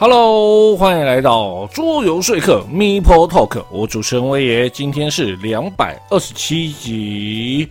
Hello，歡迎來到桌遊說客 MeepleTalk，我主持人威爺，今天是兩百二十七集。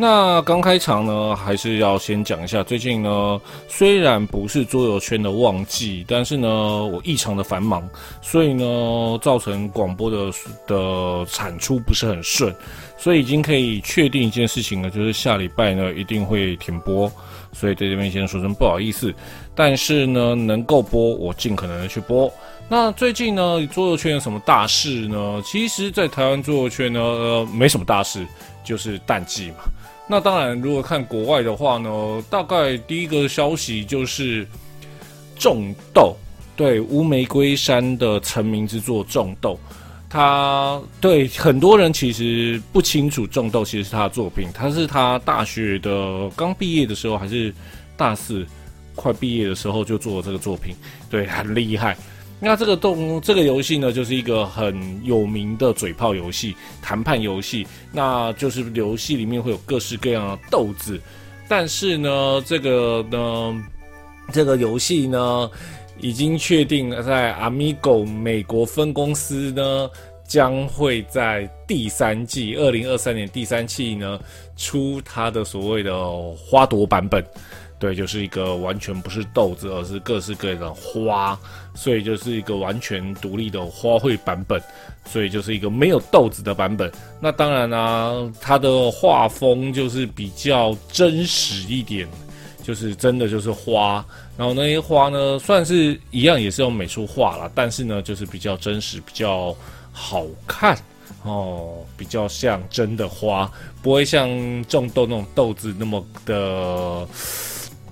那剛開場呢，還是要先講一下。最近呢，雖然不是桌遊圈的旺季，但是呢，我異常的繁忙，所以呢，造成廣播的的產出不是很順。所以已經可以確定一件事情呢，就是下禮拜呢一定會停播。所以對這邊先說聲不好意思。但是呢，能夠播我盡可能的去播。那最近呢，桌遊圈有什麼大事呢？其實，在台灣桌遊圈呢，呃，沒什麼大事，就是淡季嘛。那當然，如果看國外的話呢，大概第一個消息就是《種豆》，對，烏玫瑰山的成名之作《種豆》，他，對，很多人其實不清楚，《種豆》其實是他的作品，他是他大學的剛畢業的時候，還是大四快畢業的時候就做了這個作品，對，很厲害。那這個動這個遊戲呢，就是一個很有名的嘴炮遊戲、談判遊戲。那就是遊戲裡面會有各式各樣的豆子，但是呢，這個呢，這個遊戲呢，已經確定在 Amigo 美國分公司呢，將會在第三季（二零二三年第三季）呢，出它的所謂的花朵版本。對，就是一個完全不是豆子，而是各式各樣的花，所以就是一個完全獨立的花卉版本，所以就是一個沒有豆子的版本。那當然啊，它的畫風就是比較真實一點，就是真的就是花。然後那些花呢，算是一樣也是用美術畫啦，但是呢，就是比較真實，比較好看哦，比較像真的花，不會像種豆那種豆子那麼的。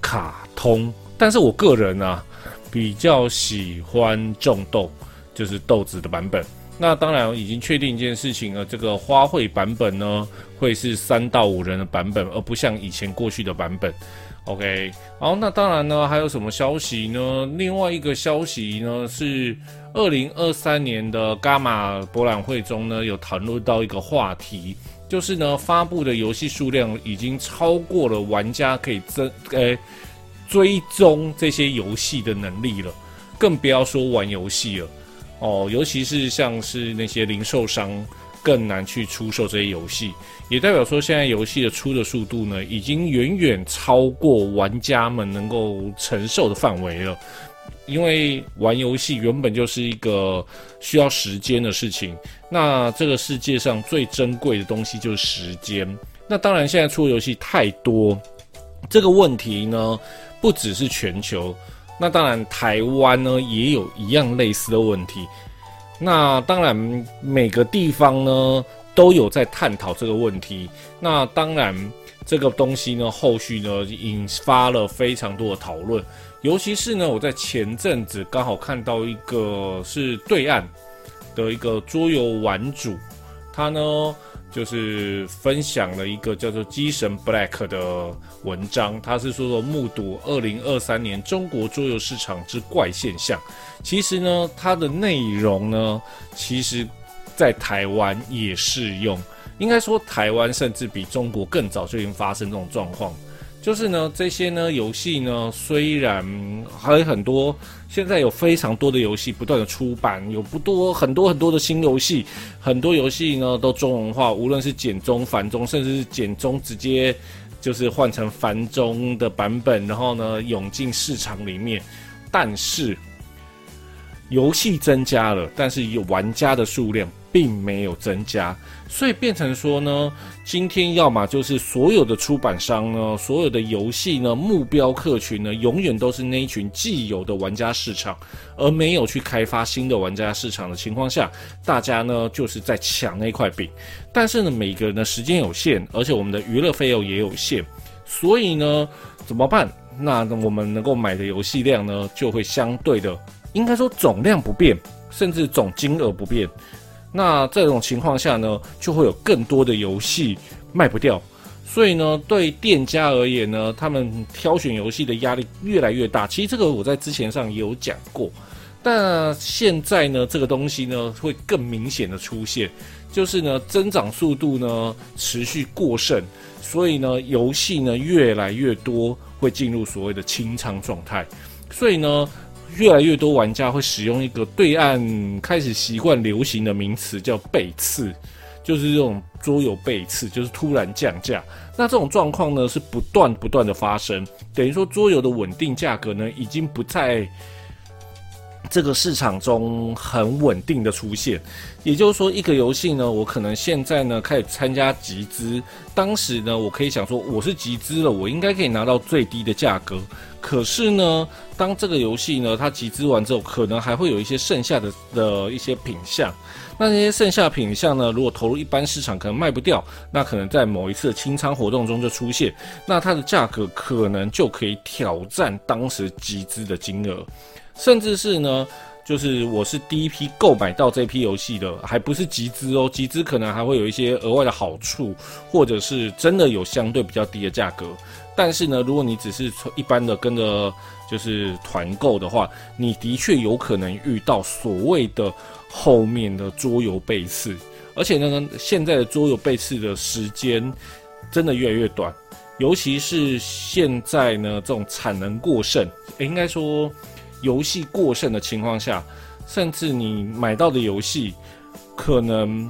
卡通，但是我個人呢，啊，比較喜歡種豆，就是豆子的版本。那當然我已經確定一件事情了，這個花卉版本呢會是三到五人的版本，而不像以前過去的版本。OK，好，那當然呢還有什麼消息呢？另外一個消息呢是二零二三年的伽馬博覽會中呢有談論到一個話題。就是呢，發布的遊戲數量已經超過了玩家可以追、欸、追蹤這些遊戲的能力了，更不要說玩遊戲了。哦，尤其是像是那些零售商更難去出售這些遊戲，也代表說現在遊戲的出的速度呢，已經遠遠超過玩家們能夠承受的範圍了。因為玩遊戲原本就是一個需要時間的事情，那這個世界上最珍貴的東西就是時間。那當然，現在出遊戲太多，這個問題呢，不只是全球，那當然台灣呢也有一樣類似的問題。那當然，每個地方呢都有在探討這個問題。那當然，這個東西呢後續呢引發了非常多的討論。尤其是呢，我在前陣子剛好看到一個是對岸的一個桌遊玩主，他呢就是分享了一個叫做《機神 Black》的文章，他是說，說目睹二零二三年中國桌遊市場之怪現象。其實呢，它的內容呢，其實在台灣也適用，應該說台灣甚至比中國更早就已經發生這種狀況。就是呢，這些呢遊戲呢，雖然還有很多，現在有非常多的遊戲不斷的出版，有不多很多很多的新遊戲，很多遊戲呢都中文化，無論是簡中、繁中，甚至是簡中直接就是換成繁中的版本，然後呢湧進市場裡面，但是遊戲增加了，但是有玩家的數量，並沒有增加，所以變成說呢，今天要麼就是所有的出版商呢，所有的遊戲呢，目標客群呢，永遠都是那一群既有的玩家市場，而沒有去開發新的玩家市場的情況下，大家呢就是在搶那塊餅。但是呢，每個人的時間有限，而且我們的娛樂費用也有限，所以呢，怎麼辦？那我們能夠買的遊戲量呢，就會相對的，應該說，總量不變，甚至總金額不變。那這種情況下呢，就會有更多的遊戲賣不掉，所以呢，對店家而言呢，他們挑選遊戲的壓力越來越大。其實這個我在之前上也有講過，但現在呢，這個東西呢會更明顯的出現，就是呢增長速度呢持續過剩，所以呢遊戲呢越來越多會進入所謂的清倉狀態，所以呢。越來越多玩家會使用一個對岸開始習慣流行的名詞，叫“背刺”，就是這種桌遊背刺，就是突然降價。那這種狀況呢，是不斷不斷的發生，等於說桌遊的穩定價格呢，已經不再。這個市場中很穩定的出現，也就是說，一個遊戲呢，我可能現在呢開始參加集資，當時呢我可以想說我是集資了，我應該可以拿到最低的價格。可是呢，當這個遊戲呢它集資完之後，可能還會有一些剩下的的一些品相。那這些剩下品項呢，如果投入一般市場，可能賣不掉，那可能在某一次的清倉活動中就出現，那它的價格可能就可以挑戰當時集資的金額，甚至是呢，就是我是第一批購買到這批遊戲的，還不是集資哦，集資可能還會有一些額外的好處，或者是真的有相對比較低的價格。但是呢，如果你只是一般的跟着。就是團購的話，你的確有可能遇到所謂的後面的桌遊背刺，而且呢，現在的桌遊背刺的時間真的越來越短，尤其是現在呢，這種產能過剩，應該說遊戲過剩的情況下，甚至你買到的遊戲，可能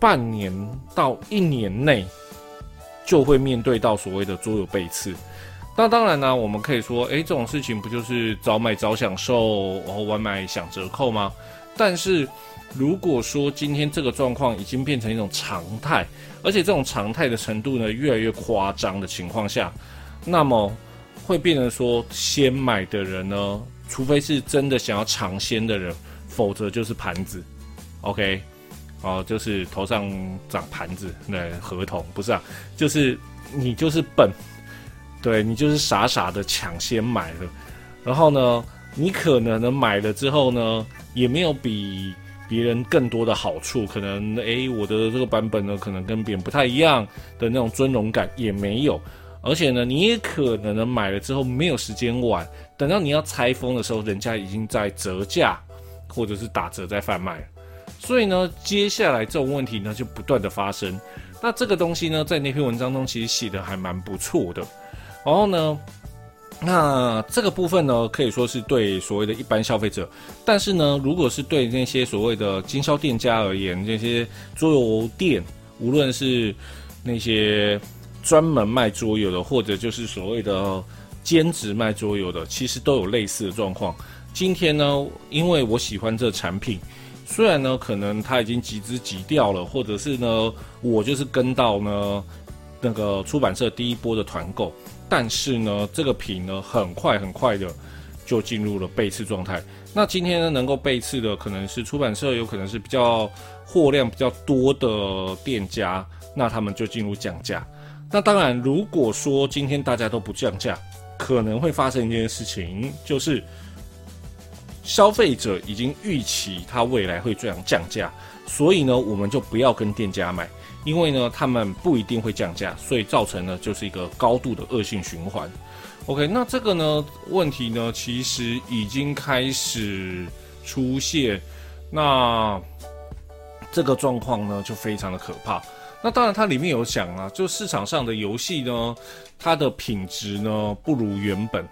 半年到一年內就會面對到所謂的桌遊背刺。那當然呢，我們可以說，誒，這種事情不就是早買早享受，然後晚買享折扣嗎？但是，如果說今天這個狀況已經變成一種常態，而且這種常態的程度呢，越來越誇張的情況下，那麼會變成說，先買的人呢，除非是真的想要嘗鮮的人，否則就是盤子，OK，哦、啊，就是頭上長盤子，那合同不是啊，就是你就是笨。對你就是傻傻的搶先買了，然後呢，你可能呢買了之後呢，也沒有比別人更多的好處，可能誒，我的這個版本呢，可能跟別人不太一樣的那種尊榮感也沒有，而且呢，你也可能呢買了之後沒有時間玩，等到你要拆封的時候，人家已經在折價或者是打折在販賣了，所以呢，接下來這種問題呢就不斷的發生。那這個東西呢，在那篇文章中其實寫得還蠻不錯的。然後呢，那這個部分呢，可以說是對所謂的一般消費者。但是呢，如果是對那些所謂的經銷店家而言，那些桌遊店，無論是那些專門賣桌遊的，或者就是所謂的兼職賣桌遊的，其實都有類似的狀況。今天呢，因為我喜歡這產品，雖然呢可能它已經集資集掉了，或者是呢我就是跟到呢那個出版社第一波的團購。但是呢，這個品呢，很快很快的就進入了背刺狀態。那今天呢，能夠背刺的可能是出版社，有可能是比較貨量比較多的店家，那他們就進入降價。那當然，如果說今天大家都不降價，可能會發生一件事情，就是消費者已經預期他未來會這樣降價，所以呢，我們就不要跟店家買。因為呢，他們不一定會降價，所以造成呢就是一個高度的惡性循環。OK，那這個呢問題呢，其實已經開始出現，那這個狀況呢就非常的可怕。那當然它裡面有講啊，就市場上的遊戲呢，它的品質呢不如原本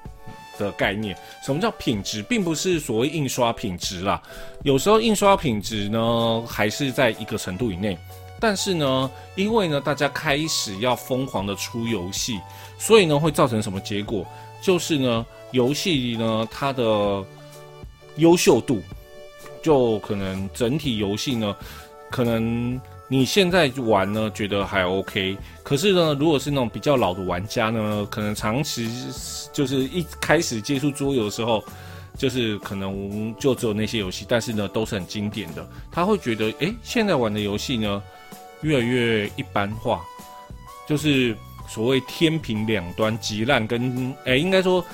的概念。什麼叫品質？並不是所謂印刷品質啦，有時候印刷品質呢還是在一個程度以內。但是呢，因為呢，大家開始要瘋狂的出遊戲，所以呢，會造成什麼結果？就是呢，遊戲呢，它的優秀度就可能整體遊戲呢，可能你現在玩呢，覺得還 OK。可是呢，如果是那種比較老的玩家呢，可能長期就是一開始接觸桌遊的時候，就是可能就只有那些遊戲，但是呢，都是很經典的，他會覺得，誒，現在玩的遊戲呢？越來越一般化，就是所謂天平兩端極爛跟哎、欸，應該說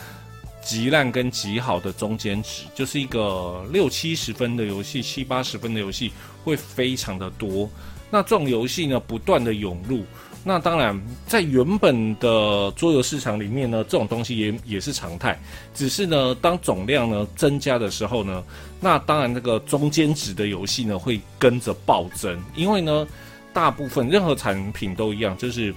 極爛跟極好的中間值，就是一個六七十分的遊戲，七八十分的遊戲會非常的多。那這種遊戲呢，不斷的湧入。那當然，在原本的桌遊市場裡面呢，這種東西也也是常態。只是呢，當總量呢增加的時候呢，那當然那個中間值的遊戲呢，會跟着暴增，因為呢。大部分任何產品都一樣，就是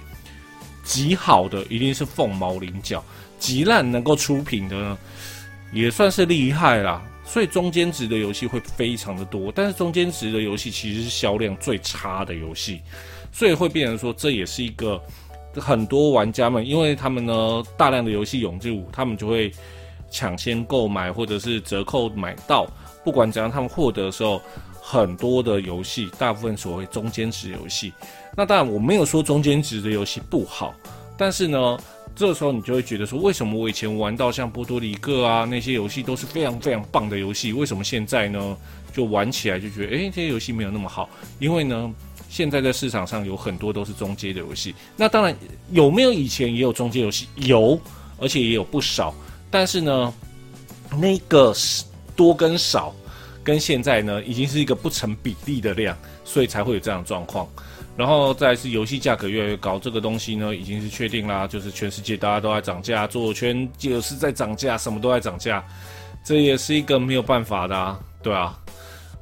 極好的一定是鳳毛麟角，極爛能夠出品的呢，也算是厲害啦。所以中間值的遊戲會非常的多，但是中間值的遊戲其實是銷量最差的遊戲，所以會變成說這也是一個很多玩家們，因為他們呢大量的遊戲湧入，他們就會搶先購買或者是折扣買到，不管怎樣他們獲得的時候。很多的遊戲，大部分所謂中間值遊戲，那當然我沒有說中間值的遊戲不好，但是呢，這時候你就會覺得說，為什麼我以前玩到像波多黎各啊那些遊戲都是非常非常棒的遊戲，為什麼現在呢就玩起來就覺得哎、欸、這些遊戲沒有那麼好？因為呢，現在在市場上有很多都是中階的遊戲，那當然有沒有以前也有中階遊戲，有，而且也有不少，但是呢，那個是多跟少。跟現在呢，已經是一個不成比例的量，所以才會有這樣的狀況。然後再來是遊戲價格越來越高，這個東西呢已經是確定啦，就是全世界大家都在漲價，著作權也是在漲價，什麼都在漲價，這也是一個沒有辦法的，啊。對啊。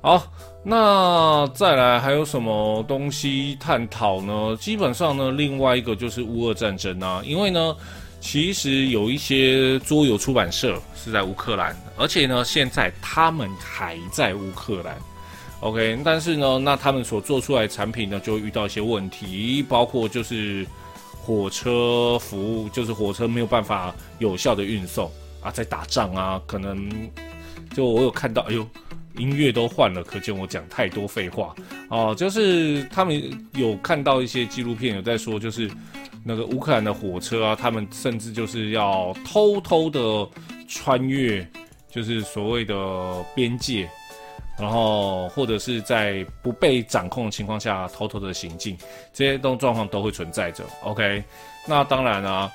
好，那再來還有什麼東西探討呢？基本上呢，另外一個就是烏俄戰爭啊，因為呢。其實有一些桌遊出版社是在烏克蘭，而且呢，現在他們還在烏克蘭。OK，但是呢，那他們所做出來的產品呢，就會遇到一些問題，包括就是火車服務，就是火車沒有辦法有效的運送啊，在打仗啊，可能就我有看到，哎呦，音樂都換了，可見我講太多廢話哦。啊，就是他們有看到一些紀錄片，有在說，就是。那個烏克蘭的火車啊，他們甚至就是要偷偷的穿越，就是所謂的邊界，然後或者是在不被掌控的情況下偷偷的行進，這些東狀況都會存在着。OK，那當然啊，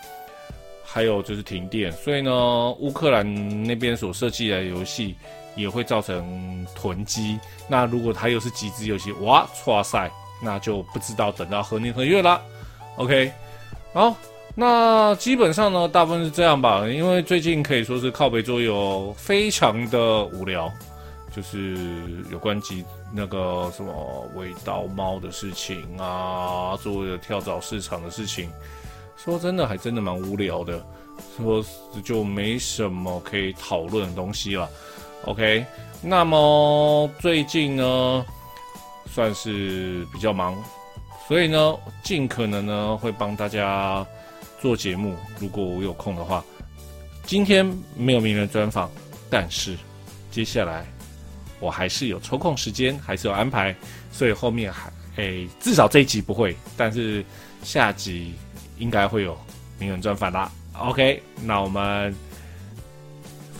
還有就是停電，所以呢，烏克蘭那邊所設計的遊戲也會造成囤積。那如果它又是集資遊戲，哇，哇塞，那就不知道等到何年何月啦。OK。好、哦，那基本上呢，大部分是這樣吧。因為最近可以說是靠北桌遊非常的無聊，就是有關幾那個什麼尾刀貓的事情啊，作為跳蚤市場的事情，說真的還真的蠻無聊的，說就沒什麼可以討論的東西了。OK，那麼最近呢，算是比較忙。所以呢，盡可能呢會幫大家做節目。如果我有空的話，今天沒有名人專訪，但是接下來我還是有抽空時間，還是有安排。所以後面還誒、欸，至少這一集不會，但是下集應該會有名人專訪啦。OK，那我們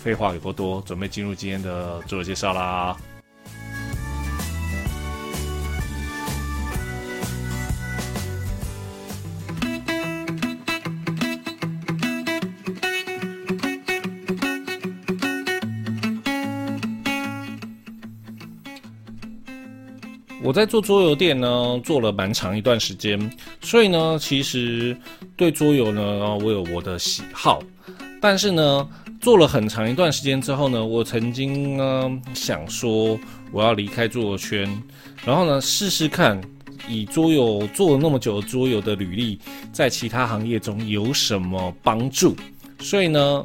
廢話也不多，準備進入今天的自我介紹啦。我在做桌遊店呢，做了蠻長一段時間，所以呢，其實對桌遊呢，我有我的喜好，但是呢，做了很長一段時間之後呢，我曾經呢想說我要離開桌遊圈，然後呢試試看，以桌遊做了那麼久的桌遊的履歷，在其他行業中有什麼幫助，所以呢，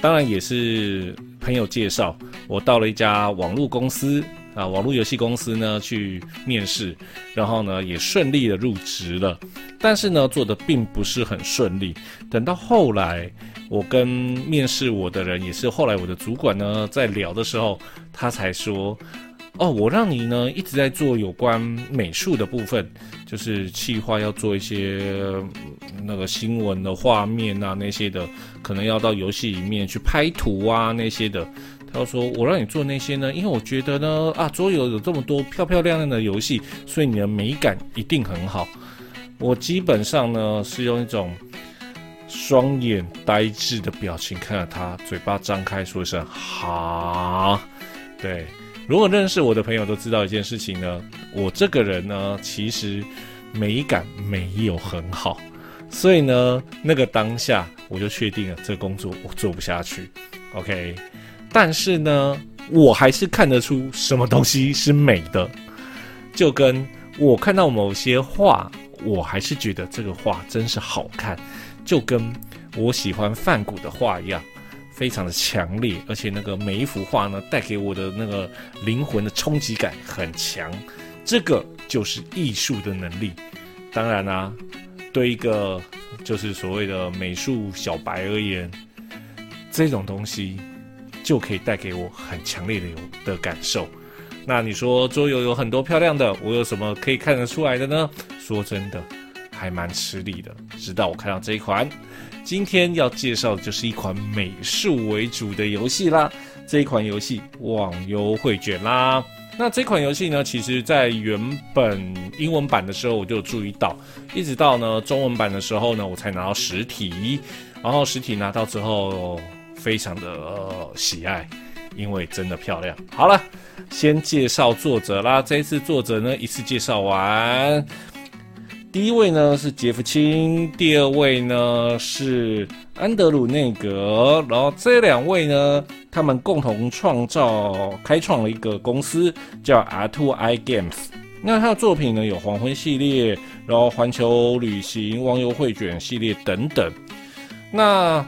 當然也是朋友介紹，我到了一家網絡公司。啊，網絡遊戲公司呢去面試，然後呢也順利的入職了，但是呢做的並不是很順利。等到後來，我跟面試我的人，也是後來我的主管呢在聊的時候，他才說：“哦，我讓你呢一直在做有關美術的部分，就是企劃要做一些那個新聞的畫面啊那些的，可能要到遊戲裡面去拍圖啊那些的。”他說：“我讓你做那些呢？因為我覺得呢，啊，桌遊有這麼多漂漂亮亮的遊戲，所以你的美感一定很好。我基本上呢是用一種雙眼呆滯的表情看着他，嘴巴張開說一聲‘好’。對，如果認識我的朋友都知道一件事情呢，我這個人呢其實美感沒有很好，所以呢那個當下我就確定了，這個工作我做不下去。OK。”但是呢，我還是看得出什麼東西是美的，就跟我看到某些畫，我還是覺得這個畫真是好看，就跟我喜歡梵谷的畫一樣，非常的強烈，而且那個每一幅畫呢，帶給我的那個靈魂的衝擊感很強。這個就是藝術的能力。當然啊，對一個就是所謂的美術小白而言，這種東西。就可以帶給我很強烈的的感受。那你說桌遊有很多漂亮的，我有什麼可以看得出來的呢？說真的，還蠻吃力的。直到我看到這一款，今天要介紹的就是一款美術為主的遊戲啦。這一款遊戲《忘憂繪卷》啦。那這款遊戲呢，其實在原本英文版的時候我就注意到，一直到呢中文版的時候呢，我才拿到實體。然後實體拿到之後。非常的、呃、喜愛，因為真的漂亮。好了，先介紹作者啦。這一次作者呢，一次介紹完，第一位呢是傑夫·清，第二位呢是安德魯·內格。然後這兩位呢，他們共同創造、開創了一個公司，叫 R Two I Games。那他的作品呢，有《黃昏》系列，然後《環球旅行》《忘憂繪卷》系列等等。那。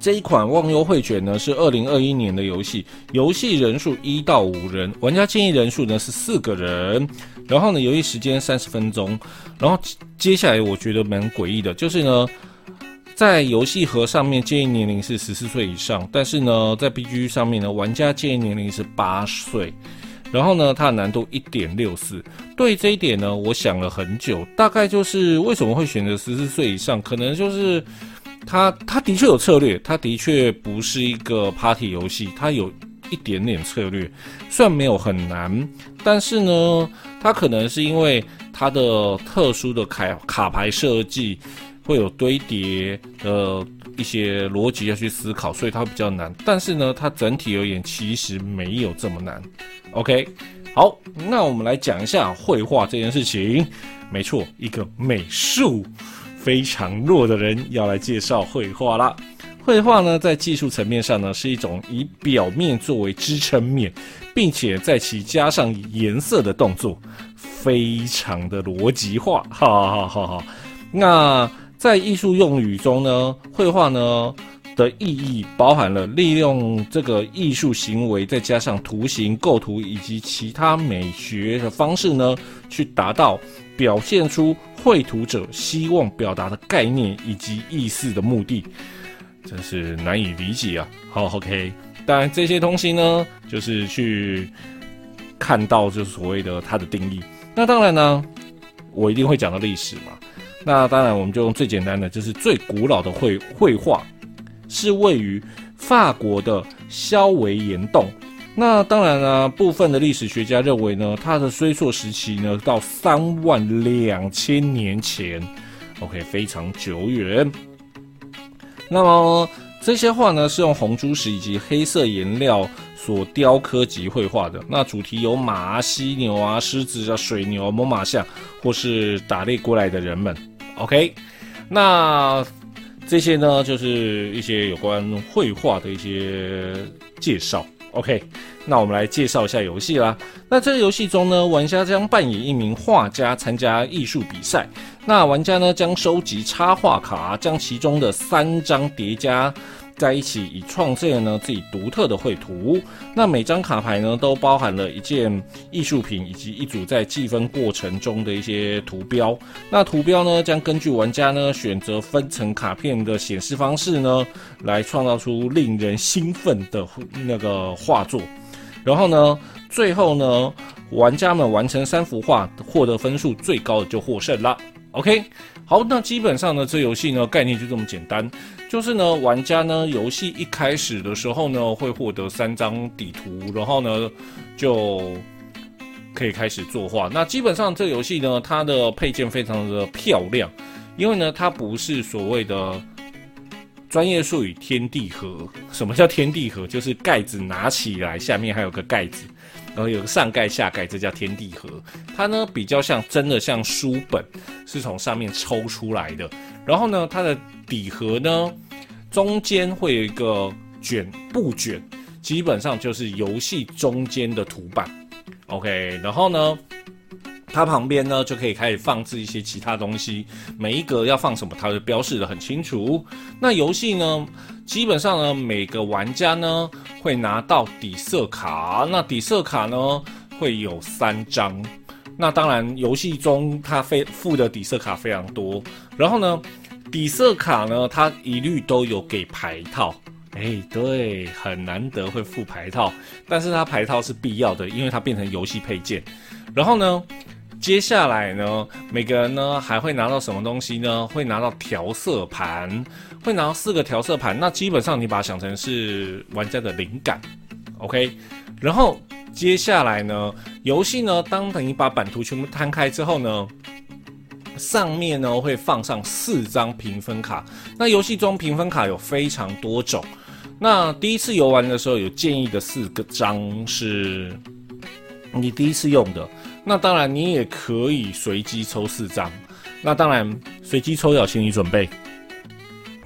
這一款忘憂繪卷呢是二零二一年的遊戲，遊戲人數一到五人，玩家建議人數呢是四個人，然後呢遊戲時間三十分鐘，然後接下來我覺得蠻詭異的，就是呢在遊戲盒上面建議年齡是十四歲以上，但是呢在 B G 上面呢玩家建議年齡是八歲，然後呢它的難度一點六四，對這一點呢我想了很久，大概就是為什麼會選擇十四歲以上，可能就是。它它的確有策略，它的確不是一個 party 遊戲，它有一點點策略，雖然沒有很難，但是呢，它可能是因為它的特殊的卡卡牌設計會有堆疊的一些邏輯要去思考，所以它會比較難。但是呢，它整體而言其實沒有這麼難。OK，好，那我們來講一下繪畫這件事情，沒錯，一個美術。非常弱的人要來介紹繪畫啦。繪畫呢，在技術層面上呢，是一種以表面作為支撐面，並且在其加上顏色的動作，非常的邏輯化。哈哈哈哈。那在藝術用語中呢，繪畫呢的意義包含了利用這個藝術行為，再加上圖形構圖以及其他美學的方式呢，去達到。表現出繪圖者希望表達的概念以及意思的目的，真是難以理解啊。好，oh，OK，當然這些東西呢，就是去看到就是所謂的它的定義。那當然呢，我一定會講到歷史嘛。那當然，我們就用最簡單的，就是最古老的繪繪畫，是位於法國的肖維岩洞。那當然了、啊，部分的歷史學家認為呢，它的衰弱時期呢，到三萬兩千年前，OK，非常久遠。那麼這些畫呢，是用紅朱石以及黑色顏料所雕刻及繪畫的。那主題有馬、犀牛啊、獅子啊、水牛、猛獁象，或是打獵過來的人們。OK，那這些呢就是一些有關繪畫的一些介紹。OK，那我們來介紹一下遊戲啦。那這個遊戲中呢，玩家將扮演一名畫家，參加藝術比賽。那玩家呢，將收集插畫卡，將其中的三張疊加。在一起以，以創建呢自己獨特的繪圖。那每張卡牌呢，都包含了一件藝術品以及一組在計分過程中的一些圖標。那圖標呢，將根據玩家呢選擇分層卡片的顯示方式呢，來創造出令人興奮的那個畫作。然後呢，最後呢，玩家們完成三幅畫，獲得分數最高的就獲勝了。OK。好，那基本上呢，這遊戲呢概念就這麼簡單，就是呢，玩家呢遊戲一開始的時候呢，會獲得三張底圖，然後呢就可以開始作畫。那基本上這個遊戲呢，它的配件非常的漂亮，因為呢它不是所謂的專業術語“天地盒”。什麼叫“天地盒”？就是蓋子拿起來，下面還有個蓋子。然後有個上蓋、下蓋，這叫天地盒。它呢比較像真的，像書本，是從上面抽出來的。然後呢，它的底盒呢中間會有一個卷布卷，基本上就是遊戲中間的圖板。OK，然後呢？它旁邊呢，就可以開始放置一些其他東西。每一格要放什麼，它就標示得很清楚。那遊戲呢，基本上呢，每個玩家呢會拿到底色卡。那底色卡呢會有三張。那當然，遊戲中它非附的底色卡非常多。然後呢，底色卡呢它一律都有給牌套。誒、欸，對，很難得會附牌套，但是它牌套是必要的，因為它變成遊戲配件。然後呢，接下來呢，每個人呢還會拿到什麼東西呢？會拿到調色盤，會拿到四個調色盤。那基本上你把它想成是玩家的靈感，OK。然後接下來呢，遊戲呢，當等你把版圖全部攤開之後呢，上面呢會放上四張評分卡。那遊戲中評分卡有非常多種。那第一次遊玩的時候，有建議的四個張是，你第一次用的。那當然，你也可以隨機抽四張。那當然，隨機抽要心理準備，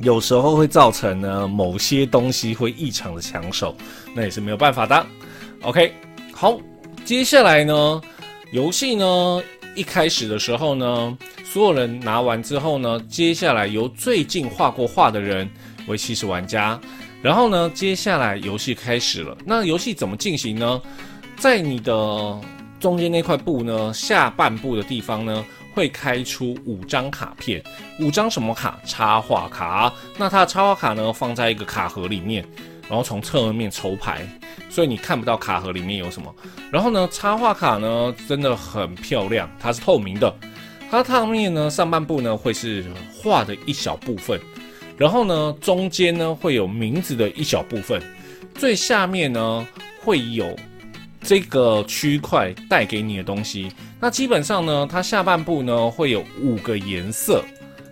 有時候會造成呢某些東西會異常的搶手，那也是沒有辦法的。OK，好，接下來呢，遊戲呢一開始的時候呢，所有人拿完之後呢，接下來由最近畫過畫的人為起始玩家，然後呢，接下來遊戲開始了。那遊戲怎麼進行呢？在你的中間那塊布呢，下半部的地方呢，會開出五張卡片，五張什麼卡？插畫卡。那它插畫卡呢，放在一個卡盒裡面，然後從側面抽牌，所以你看不到卡盒裡面有什麼。然後呢，插畫卡呢，真的很漂亮，它是透明的。它的上面呢，上半部呢會是畫的一小部分，然後呢，中間呢會有名字的一小部分，最下面呢會有。這個區塊帶給你的東西，那基本上呢，它下半部呢會有五個顏色，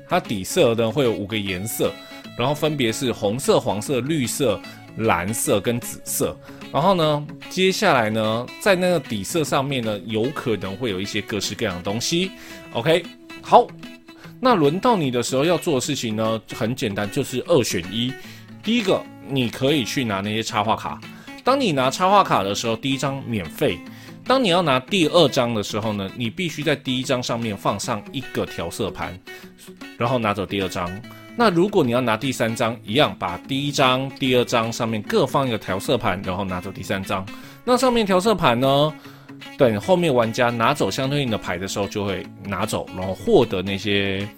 它底色呢會有五個顏色，然後分別是紅色、黃色、綠色、藍色跟紫色。然後呢，接下來呢，在那個底色上面呢，有可能會有一些各式各樣的東西。OK，好，那輪到你的時候要做的事情呢，很簡單，就是二選一。第一個，你可以去拿那些插畫卡。當你拿插畫卡的時候，第一張免費。當你要拿第二張的時候呢，你必須在第一張上面放上一個調色盤，然後拿走第二張。那如果你要拿第三張，一樣把第一張、第二張上面各放一個調色盤，然後拿走第三張。那上面調色盤呢，等後面玩家拿走相對應的牌的時候，就會拿走，然後獲得那些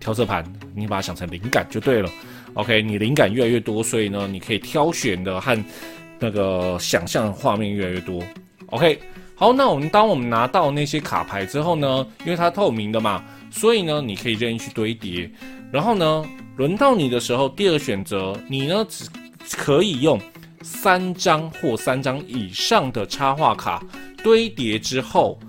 調色盤。你把它想成靈感就對了。OK，你靈感越來越多，所以呢，你可以挑選的和那個想象畫面越來越多。OK，好，那我們當我們拿到那些卡牌之後呢，因為它透明的嘛，所以呢，你可以任意去堆疊。然後呢，輪到你的時候，第二個選擇，你呢只可以用三張或三張以上的插畫卡堆疊之後，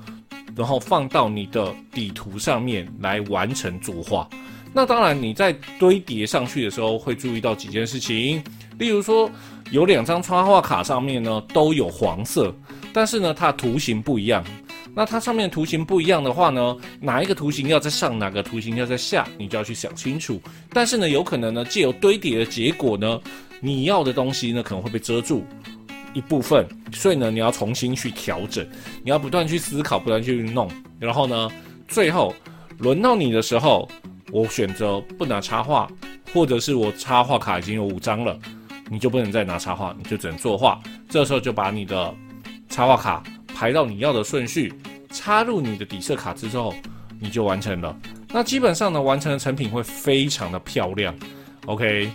然後放到你的底圖上面來完成作畫。那當然，你在堆疊上去的時候，會注意到幾件事情，例如說。有兩張插畫卡，上面呢都有黃色，但是呢它圖形不一樣。那它上面的圖形不一樣的話呢，哪一個圖形要在上，哪個圖形要在下，你就要去想清楚。但是呢，有可能呢借由堆疊的結果呢，你要的東西呢可能會被遮住一部分，所以呢你要重新去調整，你要不斷去思考，不斷去弄。然後呢，最後輪到你的時候，我選擇不拿插畫，或者是我插畫卡已經有五張了。你就不能再拿插畫，你就只能作畫。這時候就把你的插畫卡排到你要的順序，插入你的底色卡之後，你就完成了。那基本上呢，完成的成品會非常的漂亮。OK，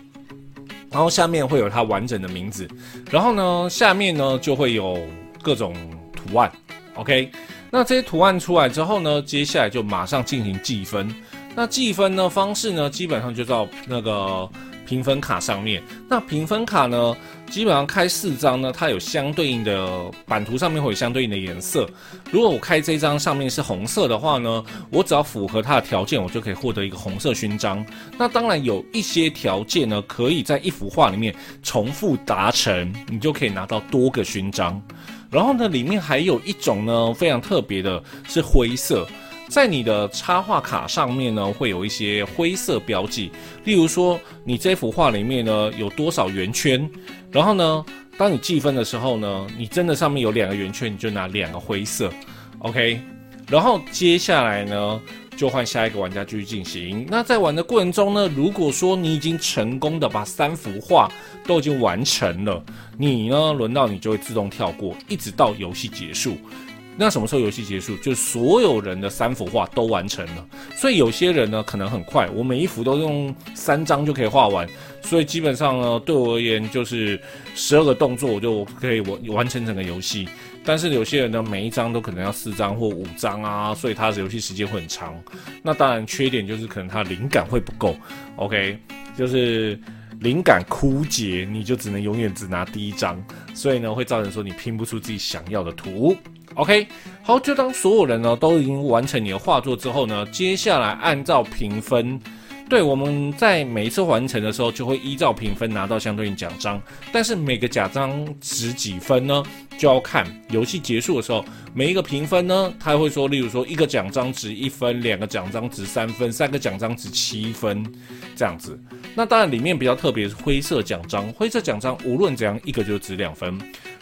然後下面會有它完整的名字，然後呢，下面呢就會有各種圖案。OK，那這些圖案出來之後呢，接下來就馬上進行計分。那計分的方式呢，基本上就照那個。評分卡上面，那評分卡呢，基本上開四張呢，它有相對應的，版圖上面會有相對應的顏色。如果我開這張上面是紅色的話呢，我只要符合它的條件，我就可以獲得一個紅色勳章。那當然有一些條件呢，可以在一幅畫裡面重複達成，你就可以拿到多個勳章。然後呢，裡面還有一種呢，非常特別的是灰色。在你的插畫卡上面呢，會有一些灰色標記，例如說你這幅畫裡面呢有多少圓圈，然後呢，當你計分的時候呢，你真的上面有兩個圓圈，你就拿兩個灰色，OK。然後接下來呢，就換下一個玩家繼續進行。那在玩的過程中呢，如果說你已經成功的把三幅畫都已經完成了，你呢輪到你就會自動跳過，一直到遊戲結束。那什麼時候遊戲結束？就所有人的三幅畫都完成了。所以有些人呢，可能很快，我每一幅都用三張就可以畫完。所以基本上呢，對我而言就是十二個動作，我就可以完完成整個遊戲。但是有些人呢，每一張都可能要四張或五張啊，所以他的遊戲時間會很長。那當然缺點就是可能他靈感會不夠。OK，就是靈感枯竭，你就只能永遠只拿第一張。所以呢會造成說你拼不出自己想要的圖。OK，好，就當所有人呢都已經完成你的畫作之後呢，接下來按照評分。對，我們在每一次完成的時候就會依照評分拿到相對應獎章。但是每個獎章值幾分呢？就要看遊戲結束的時候，每一個評分呢，他會說，例如說一個獎章值一分，兩個獎章值三分，三個獎章值七分，這樣子。那當然裡面比較特別是灰色獎章，灰色獎章無論怎樣一個就值兩分。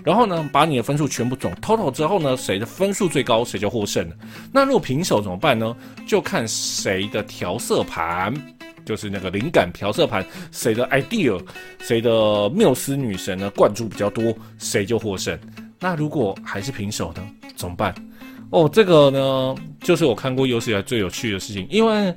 然後呢，把你的分數全部總 total 之後呢，誰的分數最高誰就獲勝了。那如果平手怎麼辦呢？就看誰的調色盤，就是那個靈感調色盤，誰的 idea，誰的繆斯女神呢，灌注比較多，誰就獲勝。那如果還是平手呢，怎麼辦？哦，這個呢，就是我看過遊戲來最有趣的事情，因為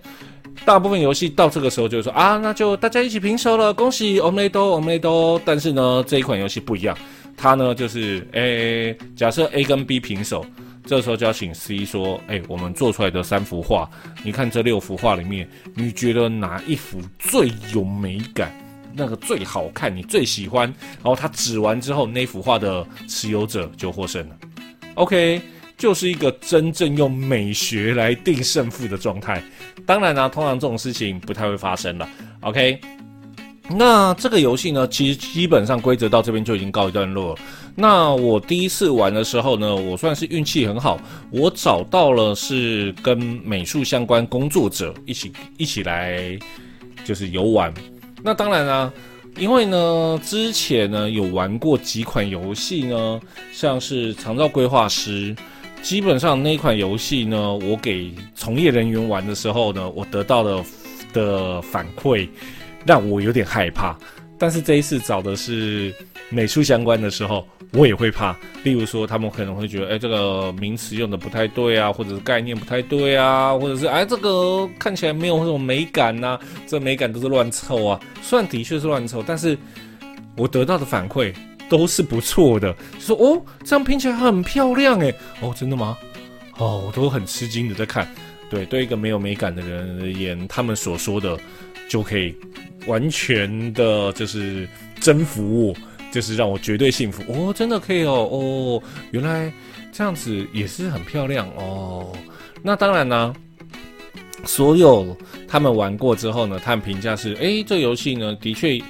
大部分遊戲到這個時候就是說啊，那就大家一起平手了，恭喜 omedo omedo、哦哦。但是呢，這一款遊戲不一樣。他呢，就是誒、欸、假設 A 跟 B 平手，這時候就要請 C 說，誒、欸，我們做出來的三幅畫，你看這六幅畫裡面，你覺得哪一幅最有美感，那個最好看，你最喜歡，然後他指完之後，那幅畫的持有者就獲勝了。OK，就是一個真正用美學來定勝負的狀態。當然呢、啊，通常這種事情不太會發生了。OK。那這個遊戲呢，其實基本上規則到這邊就已經告一段落了。那我第一次玩的時候呢，我算是運氣很好，我找到了是跟美術相關工作者一起一起來，就是遊玩。那當然啦、啊，因為呢之前呢有玩過幾款遊戲呢，像是《長照規劃師》，基本上那一款遊戲呢，我給從業人員玩的時候呢，我得到的的反饋。讓我有點害怕，但是這一次找的是美術相關的時候，我也會怕。例如說，他們可能會覺得，哎，這個名詞用得不太對啊，或者是概念不太對啊，或者是哎，這個看起來沒有那種美感啊，這個美感都是亂湊啊。雖然的確是亂湊，但是我得到的反饋都是不錯的，就說哦，這樣拼起來很漂亮哎，哦，真的嗎？哦，我都很吃驚的在看。對，對一個沒有美感的人而言，他們所說的就可以。完全的就是征服我，就是讓我絕對幸福哦，真的可以哦哦，原來這樣子也是很漂亮哦。那當然呢、啊，所有他們玩過之後呢，他們評價是：哎，這遊戲呢，的確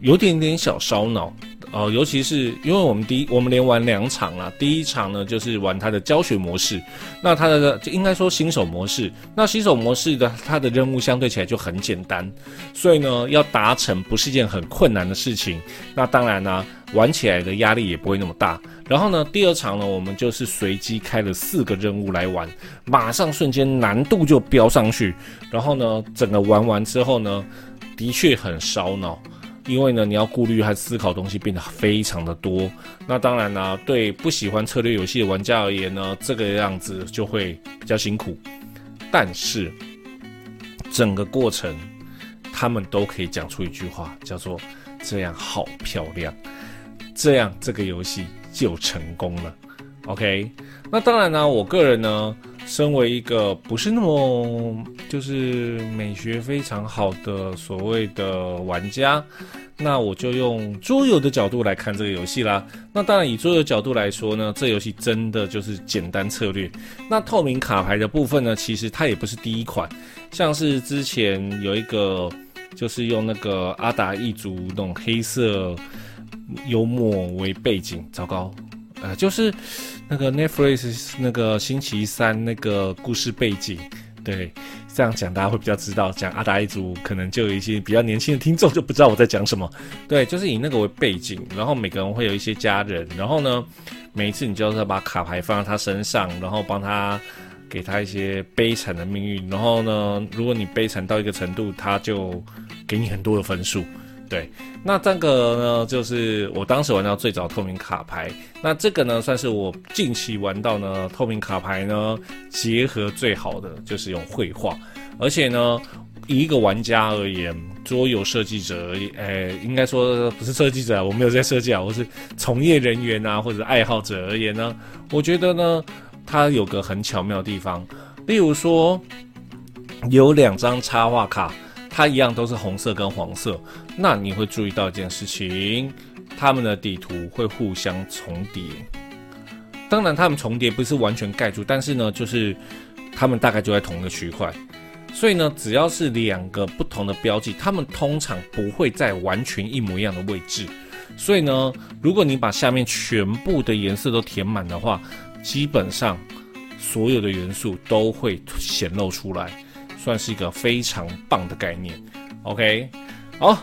有點點小燒腦。哦、呃，尤其是因為我們第一，我們連玩兩場了、啊。第一場呢，就是玩它的教學模式，那它的就應該說新手模式，那新手模式的它的任務相對起來就很簡單，所以呢，要達成不是一件很困難的事情。那當然呢、啊，玩起來的壓力也不會那麼大。然後呢，第二場呢，我們就是隨機開了四個任務來玩，馬上瞬間難度就飆上去。然後呢，整個玩完之後呢，的確很燒腦。因為呢，你要顧慮和思考的東西變得非常的多。那當然呢，對不喜歡策略遊戲的玩家而言呢，這個樣子就會比較辛苦。但是整個過程，他們都可以講出一句話，叫做“這樣好漂亮”，這樣這個遊戲就成功了。OK，那當然呢，我個人呢。身為一個不是那麼就是美學非常好的所謂的玩家，那我就用桌遊的角度來看這個遊戲啦。那當然，以桌遊角度來說呢，這遊戲真的就是簡單策略。那透明卡牌的部分呢，其實它也不是第一款，像是之前有一個就是用那個阿達一族那種黑色幽默為背景，糟糕，呃，就是。那個 Netflix 那個星期三那個故事背景，對，這樣講大家會比較知道。講阿達一族，可能就有一些比較年輕的聽眾就不知道我在講什麼。對，就是以那個為背景，然後每個人會有一些家人，然後呢，每一次你就是要把卡牌放在他身上，然後幫他給他一些悲慘的命運，然後呢，如果你悲慘到一個程度，他就給你很多的分數。對，那這個呢，就是我當時玩到最早透明卡牌。那這個呢，算是我近期玩到呢透明卡牌呢結合最好的，就是用繪畫。而且呢，以一個玩家而言，桌遊設計者而言，而、哎、呃，應該說不是設計者，我沒有在設計啊，我是從業人員啊，或者愛好者而言呢，我覺得呢，它有個很巧妙的地方，例如說有兩張插畫卡，它一樣都是紅色跟黃色。那你會注意到一件事情，他們的底圖會互相重疊。當然，他們重疊不是完全蓋住，但是呢，就是他們大概就在同一個區塊。所以呢，只要是兩個不同的標記，他們通常不會在完全一模一樣的位置。所以呢，如果你把下面全部的顏色都填滿的話，基本上所有的元素都會顯露出來，算是一個非常棒的概念。OK，好。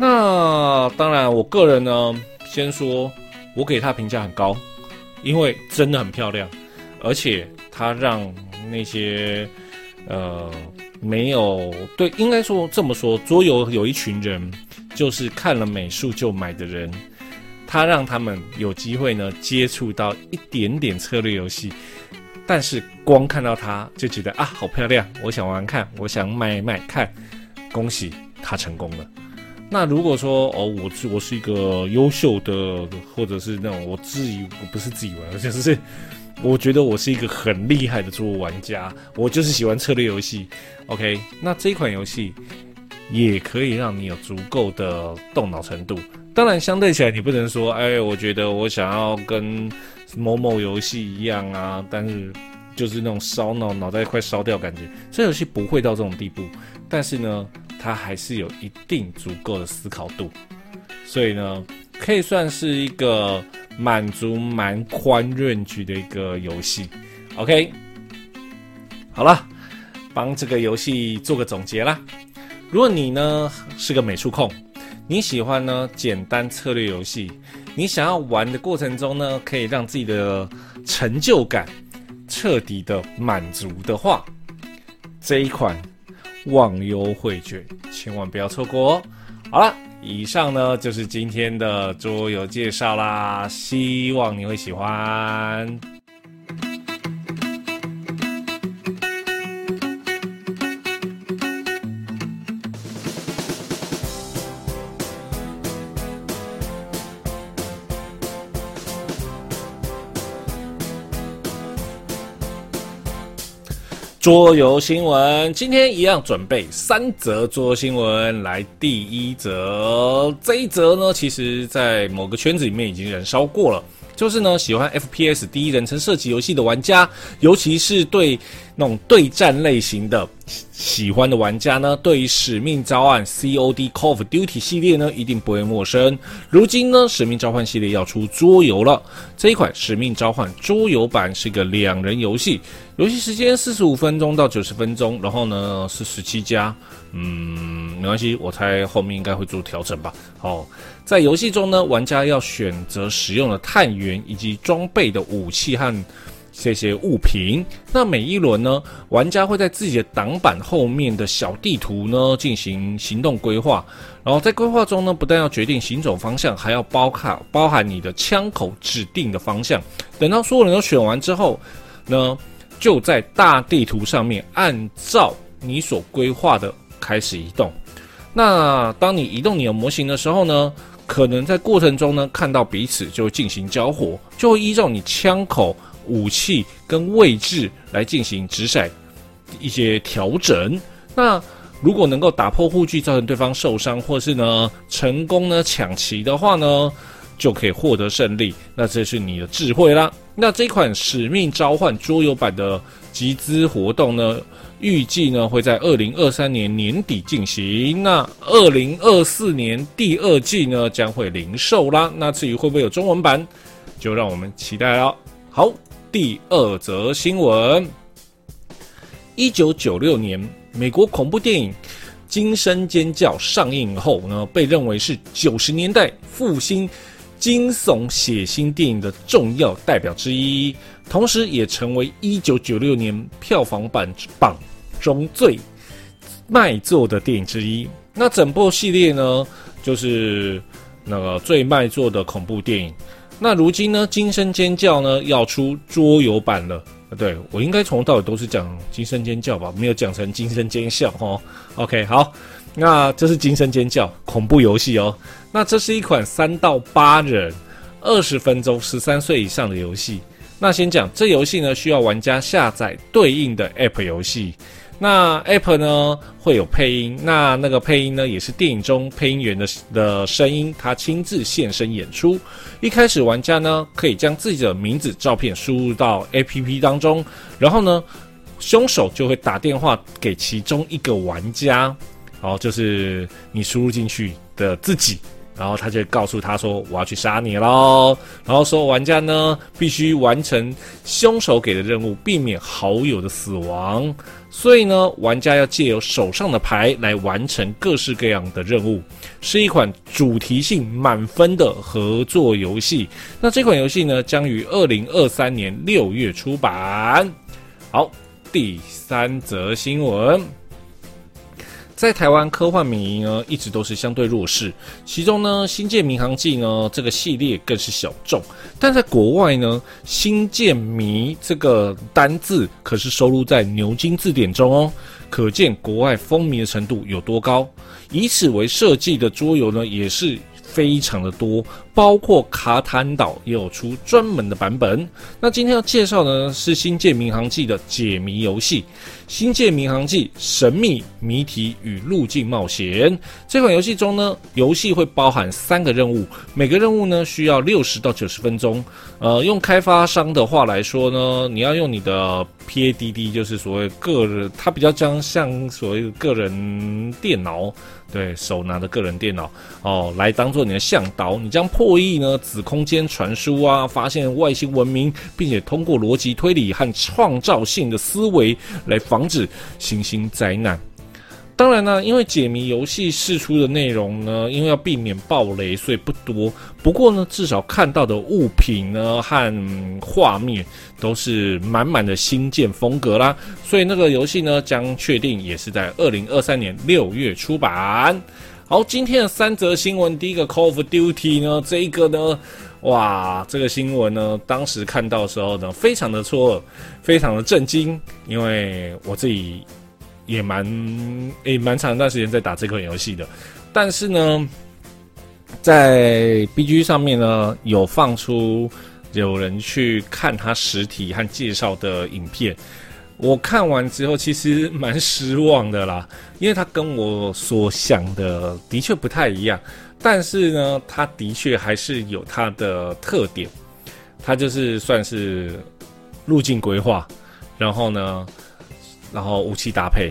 那當然，我個人呢，先說我給他評價很高，因為真的很漂亮，而且他讓那些呃沒有對，應該說這麼說，桌遊有一群人就是看了美術就買的人，他讓他們有機會呢接觸到一點點策略遊戲，但是光看到他就覺得啊好漂亮，我想玩玩看，我想買買看，恭喜他成功了。那如果說哦，我我是一個優秀的，或者是那種我自己我不是自己玩，就是我覺得我是一個很厲害的桌遊玩家，我就是喜歡策略遊戲。OK，那這一款遊戲也可以讓你有足夠的動腦程度。當然，相對起來，你不能說哎、欸，我覺得我想要跟某某遊戲一樣啊，但是就是那種燒腦、腦袋快燒掉感覺，這遊戲不會到這種地步。但是呢，它還是有一定足夠的思考度，所以呢，可以算是一個滿足蠻寬 range 的一個遊戲。OK，好了，幫這個遊戲做個總結啦。如果你呢是個美術控，你喜歡呢簡單策略遊戲，你想要玩的過程中呢可以讓自己的成就感徹底的滿足的話，這一款。忘憂繪卷，千萬不要錯過哦！好啦，以上呢就是今天的桌遊介紹啦，希望你會喜歡。桌遊新聞，今天一樣準備三則桌遊新聞。來，第一則，這一則呢，其實在某個圈子裡面已經燃燒過了。就是呢，喜歡 FPS 第一人稱射擊遊戲的玩家，尤其是對那種對戰類型的喜歡的玩家呢，對於《使命召喚》（COD Call of Duty） 系列呢一定不會陌生。如今呢，《使命召喚》系列要出桌遊了。這一款《使命召喚》桌遊版是個兩人遊戲，遊戲時間四十五分鐘到九十分鐘，然後呢是十七加，嗯，沒關係，我猜後面應該會做調整吧。好、哦。在遊戲中呢，玩家要選擇使用的探員以及裝備的武器和這些，些物品。那每一輪呢，玩家會在自己的擋板後面的小地圖呢進行行動規劃。然後在規劃中呢，不但要決定行走方向，還要包卡包含你的槍口指定的方向。等到所有人都選完之後呢，就在大地圖上面按照你所規劃的開始移動。那當你移動你的模型的時候呢，可能在過程中呢，看到彼此就會進行交火，就會依照你槍口、武器跟位置來進行擲骰一些調整。那如果能夠打破護具，造成對方受傷，或是呢成功呢搶旗的話呢，就可以獲得勝利。那這是你的智慧啦。那這款《使命召喚》桌遊版的集資活動呢，預計呢會在二零二三年年底進行。那二零二四年第二季呢將會零售啦。那至於會不會有中文版，就讓我們期待了。好，第二則新聞。一九九六年，美國恐怖電影《驚聲尖叫》上映後呢，被認為是九十年代復興。驚悚血腥電影的重要代表之一，同時也成為一九九六年票房榜榜中最賣座的電影之一。那整部系列呢，就是那個最賣座的恐怖電影。那如今呢，《驚聲尖叫》呢要出桌遊版了。對，我應該從頭到尾都是講《驚聲尖叫》吧，沒有講成《驚聲尖笑》哦 OK，好。那這是驚聲尖叫恐怖遊戲哦。那這是一款三到八人，二十分鐘，十三歲以上的遊戲。那先講這遊戲呢，需要玩家下載對應的 App 遊戲。那 App 呢會有配音，那那個配音呢也是電影中配音員的的聲音，他親自現身演出。一開始玩家呢可以將自己的名字、照片輸入到 App 當中，然後呢兇手就會打電話給其中一個玩家。好，就是你輸入進去的自己，然後他就告訴他說：“我要去殺你嘍！”然後說玩家呢必須完成兇手給的任務，避免好友的死亡。所以呢，玩家要借由手上的牌來完成各式各樣的任務，是一款主題性滿分的合作遊戲。那這款遊戲呢，將於二零二三年六月出版。好，第三則新聞。在台灣，科幻迷呢一直都是相對弱勢，其中呢《星艦迷航記》呢這個系列更是小眾。但在國外呢，《星艦迷》這個單字可是收錄在牛津字典中哦，可見國外風靡的程度有多高。以此為設計的桌遊呢，也是非常的多。包括卡坦島也有出專門的版本。那今天要介紹的呢，是《星界迷航記》的解謎遊戲，《星界迷航記：神秘謎題與路徑冒險》這款遊戲中呢，遊戲會包含三個任務，每個任務呢需要六十到九十分鐘。呃，用開發商的話來說呢，你要用你的 PADD，就是所謂個人，他比較將像，像所謂個人電腦，對，手拿的個人電腦哦，來當做你的嚮導，你將。破譯呢，子空間傳輸啊，發現外星文明，並且通過邏輯推理和創造性的思維來防止行星災難。當然呢、啊，因為解謎遊戲釋出的內容呢，因為要避免暴雷，所以不多。不過呢，至少看到的物品呢和畫面都是滿滿的星艦風格啦。所以那個遊戲呢，將確定也是在二零二三年六月出版。好，今天的三則新聞，第一個《Call of Duty》呢，這一個呢，哇，這個新聞呢，當時看到的時候呢，非常的錯愕，非常的震驚，因為我自己也蠻誒、欸、蠻長一段時間在打這款遊戲的，但是呢，在 BG 上面呢，有放出有人去看他實體和介紹的影片。我看完之後，其實蠻失望的啦，因為它跟我所想的的確不太一樣，但是呢，它的確還是有它的特點，它就是算是路徑規劃，然後呢，然後武器搭配，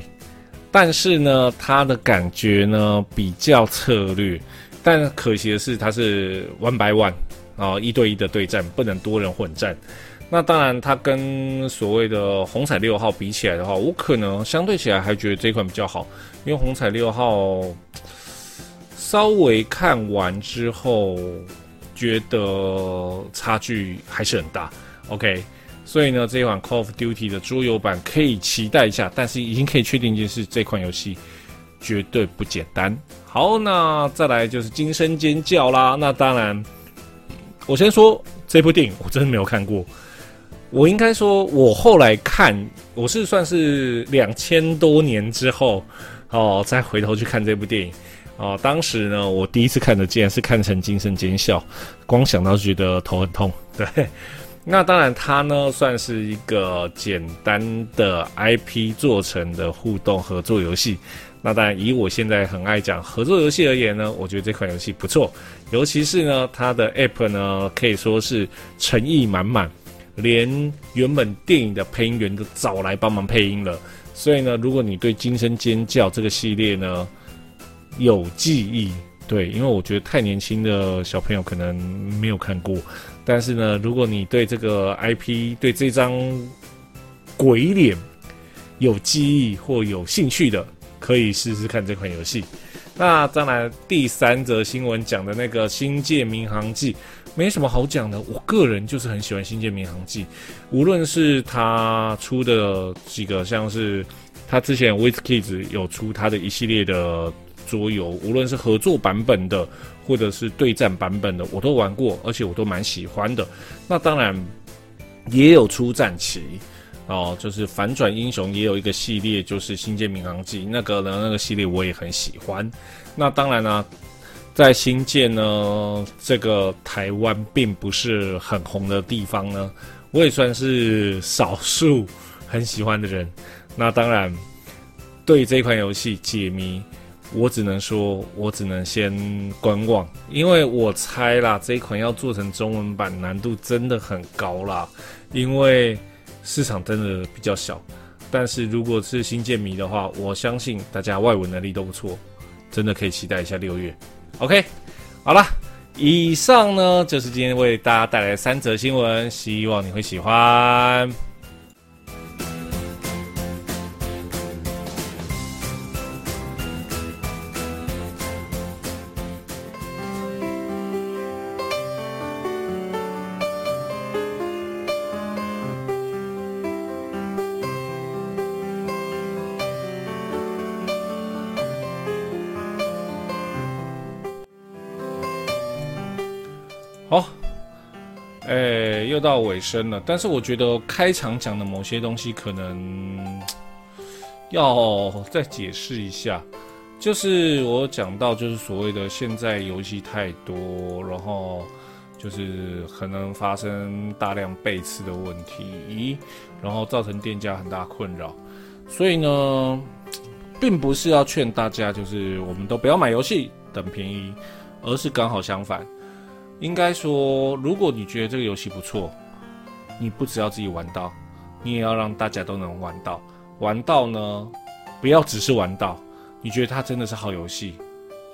但是呢，它的感覺呢比較策略，但可惜的是它是 one by one，啊一對一的對戰，不能多人混戰。那當然，它跟所謂的《紅彩六號》比起來的話，我可能相對起來還覺得這款比較好，因為《紅彩六號》稍微看完之後，覺得差距還是很大。OK，所以呢，這一款《Call of Duty》的桌遊版可以期待一下，但是已經可以確定一件事，這款遊戲絕對不簡單。好，那再來就是《驚聲尖叫》啦。那當然，我先說這部電影，我真的沒有看過。我應該說，我後來看，我是算是兩千多年之後哦，再回頭去看這部電影哦。當時呢，我第一次看的，竟然是看成驚聲尖笑，光想到就覺得頭很痛。對，那當然，它呢算是一個簡單的 IP 做成的互動合作遊戲。那當然，以我現在很愛講合作遊戲而言呢，我覺得這款遊戲不錯，尤其是呢，它的 App 呢可以說是誠意滿滿。連原本電影的配音員都找來幫忙配音了，所以呢，如果你對《驚聲尖叫》這個系列呢有記憶，對，因為我覺得太年輕的小朋友可能沒有看過，但是呢，如果你對這個 IP、對這張鬼臉有記憶或有興趣的，可以試試看這款遊戲。那當然，第三則新聞講的那個《星際迷航記》。沒什麼好講的，我個人就是很喜歡《星艦迷航記》，無論是他出的幾個，像是他之前 WizKids 有出他的一系列的桌遊，無論是合作版本的或者是對戰版本的，我都玩過，而且我都蠻喜歡的。那當然也有出戰棋哦，就是反轉英雄也有一個系列，就是《星艦迷航記》那個呢，那個系列我也很喜歡。那當然呢、啊。在新建呢，這個台灣並不是很紅的地方呢，我也算是少數很喜歡的人。那當然，對於這款遊戲解謎，我只能說，我只能先觀望，因為我猜啦，這一款要做成中文版難度真的很高啦，因為市場真的比較小。但是如果是新建迷的話，我相信大家外文能力都不錯，真的可以期待一下六月。OK，好了，以上呢就是今天為大家帶來的三則新聞，希望你會喜歡。尾聲了，但是我覺得開場講的某些東西可能要再解釋一下，就是我講到就是所謂的現在遊戲太多，然後就是可能發生大量背刺的問題，然後造成店家很大困擾，所以呢，並不是要勸大家就是我們都不要買遊戲等便宜，而是剛好相反，應該說，如果你覺得這個遊戲不錯。你不只要自己玩到，你也要讓大家都能玩到。玩到呢，不要只是玩到，你覺得它真的是好遊戲，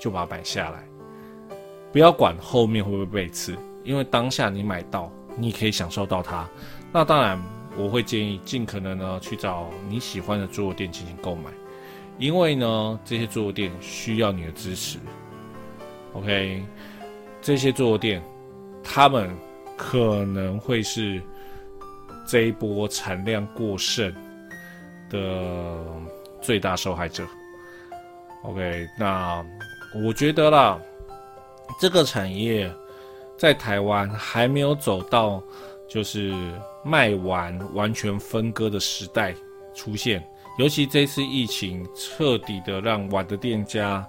就把它買下來。不要管後面會不會被刺，因為當下你買到，你可以享受到它。那當然，我會建議盡可能呢去找你喜歡的桌遊店進行購買，因為呢這些桌遊店需要你的支持。OK，這些桌遊店，他們可能會是。這一波產量過剩的最大受害者。OK，那我覺得啦，這個產業在台灣還沒有走到就是賣完完全分割的時代出現，尤其這次疫情徹底的讓玩的店家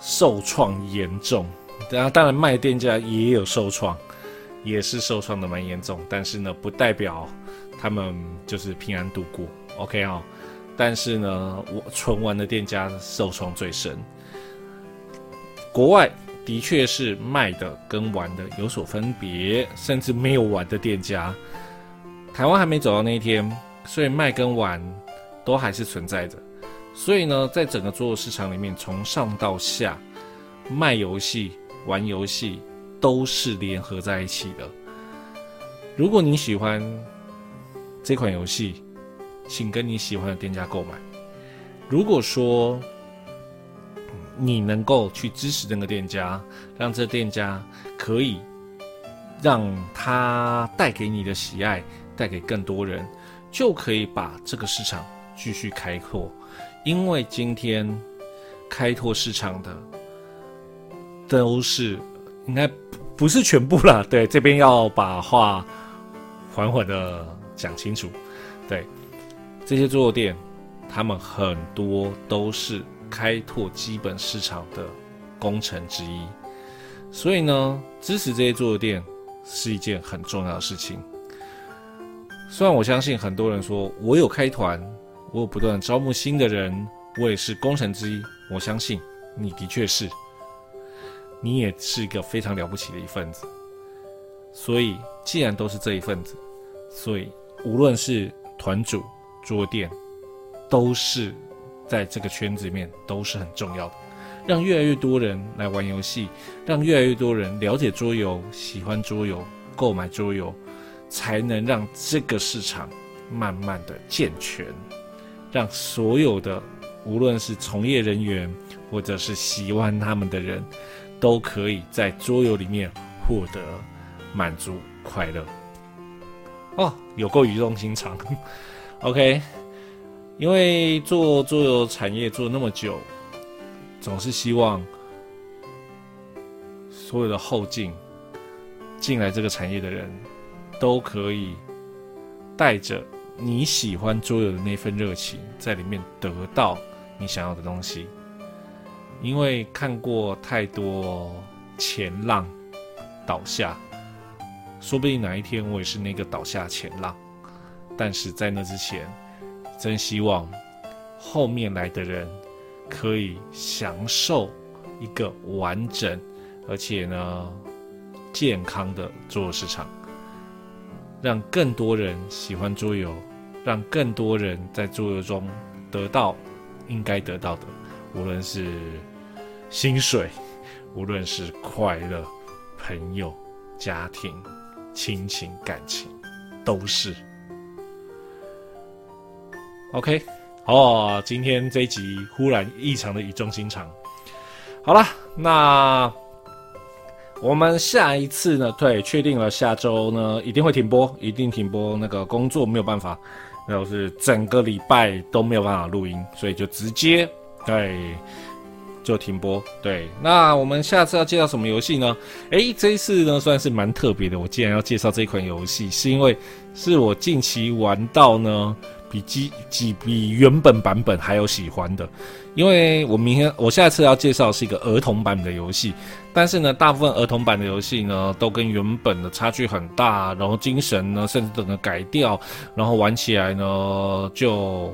受創嚴重，當然，當然賣店家也有受創。也是受創的蠻嚴重，但是呢，不代表他們就是平安度過。OK 啊、哦，但是呢，我純玩的店家受創最深。國外的確是賣的跟玩的有所分別，甚至沒有玩的店家，台灣還沒走到那一天，所以賣跟玩都還是存在的。所以呢，在整個桌遊市場裡面，從上到下賣遊戲、玩遊戲。都是聯合在一起的。如果你喜歡這款遊戲，請跟你喜歡的店家購買。如果說你能夠去支持這個店家，讓這店家可以讓他帶給你的喜愛帶給更多人，就可以把這個市場繼續開拓。因為今天開拓市場的都是。應該不是全部啦，對，這邊要把話緩緩的講清楚。對，這些桌遊店，他們很多都是開拓基本市場的功臣之一，所以呢，支持這些桌遊店是一件很重要的事情。雖然我相信很多人說，我有開團，我有不斷招募新的人，我也是功臣之一，我相信你的確是。你也是一個非常了不起的一份子，所以既然都是這一份子，所以無論是團主、桌店，都是在這個圈子裡面都是很重要的。讓越來越多人來玩遊戲，讓越來越多人了解桌遊、喜歡桌遊、購買桌遊，才能讓這個市場慢慢的健全，讓所有的無論是從業人員或者是喜歡他們的人。都可以在桌遊裡面獲得滿足快樂哦，有夠語重心長。 OK，因為做桌遊產業做那麼久，總是希望所有的後進進來這個產業的人，都可以帶着你喜歡桌遊的那份熱情，在裡面得到你想要的東西。因為看過太多前浪倒下，說不定哪一天我也是那個倒下前浪。但是在那之前，真希望後面來的人可以享受一個完整而且呢健康的桌遊市場，讓更多人喜歡桌遊，讓更多人在桌遊中得到應該得到的，無論是。薪水，無論是快樂、朋友、家庭、親情、感情，都是。OK，哦，今天這一集忽然異常的語重心長。好啦，那我們下一次呢？對，確定了，下周呢一定會停播，一定停播。那個工作沒有辦法，然後是整個禮拜都沒有辦法錄音，所以就直接對。就停播。對，那我們下次要介紹什麼遊戲呢？哎，這一次呢算是蠻特別的。我既然要介紹這一款遊戲，是因為是我近期玩到呢比幾、幾比原本版本還要喜歡的。因為我明天我下次要介紹是一個兒童版的遊戲，但是呢，大部分兒童版的遊戲呢都跟原本的差距很大，然後精神呢甚至整個改掉，然後玩起來呢就。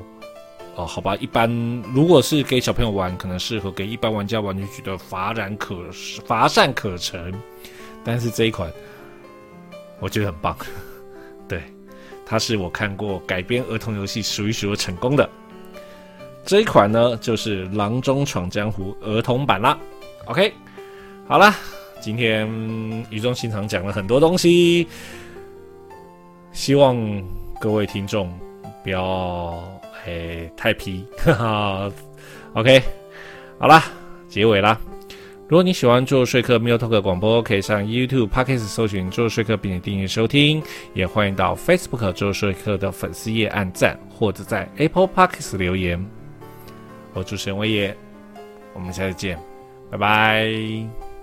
哦，好吧，一般如果是給小朋友玩，可能適合給一般玩家玩就覺得乏然可乏善可陳，但是這一款我覺得很棒，對，它是我看過改編兒童遊戲數一數二成功的。這一款呢，就是《郎中闖江湖》兒童版啦。OK，好啦，今天語重心長講了很多東西，希望各位聽眾不要。哎，太皮！哈哈，OK，好了，結尾啦。如果你喜歡桌遊說客 MeepleTalk 廣播，可以上 YouTube、Podcast 搜尋“桌遊說客”，並且訂閱收聽。也歡迎到 Facebook 桌遊說客的粉絲頁按讚，或者在 Apple Podcast 留言。我主持人魏爺，我們下次見，拜拜。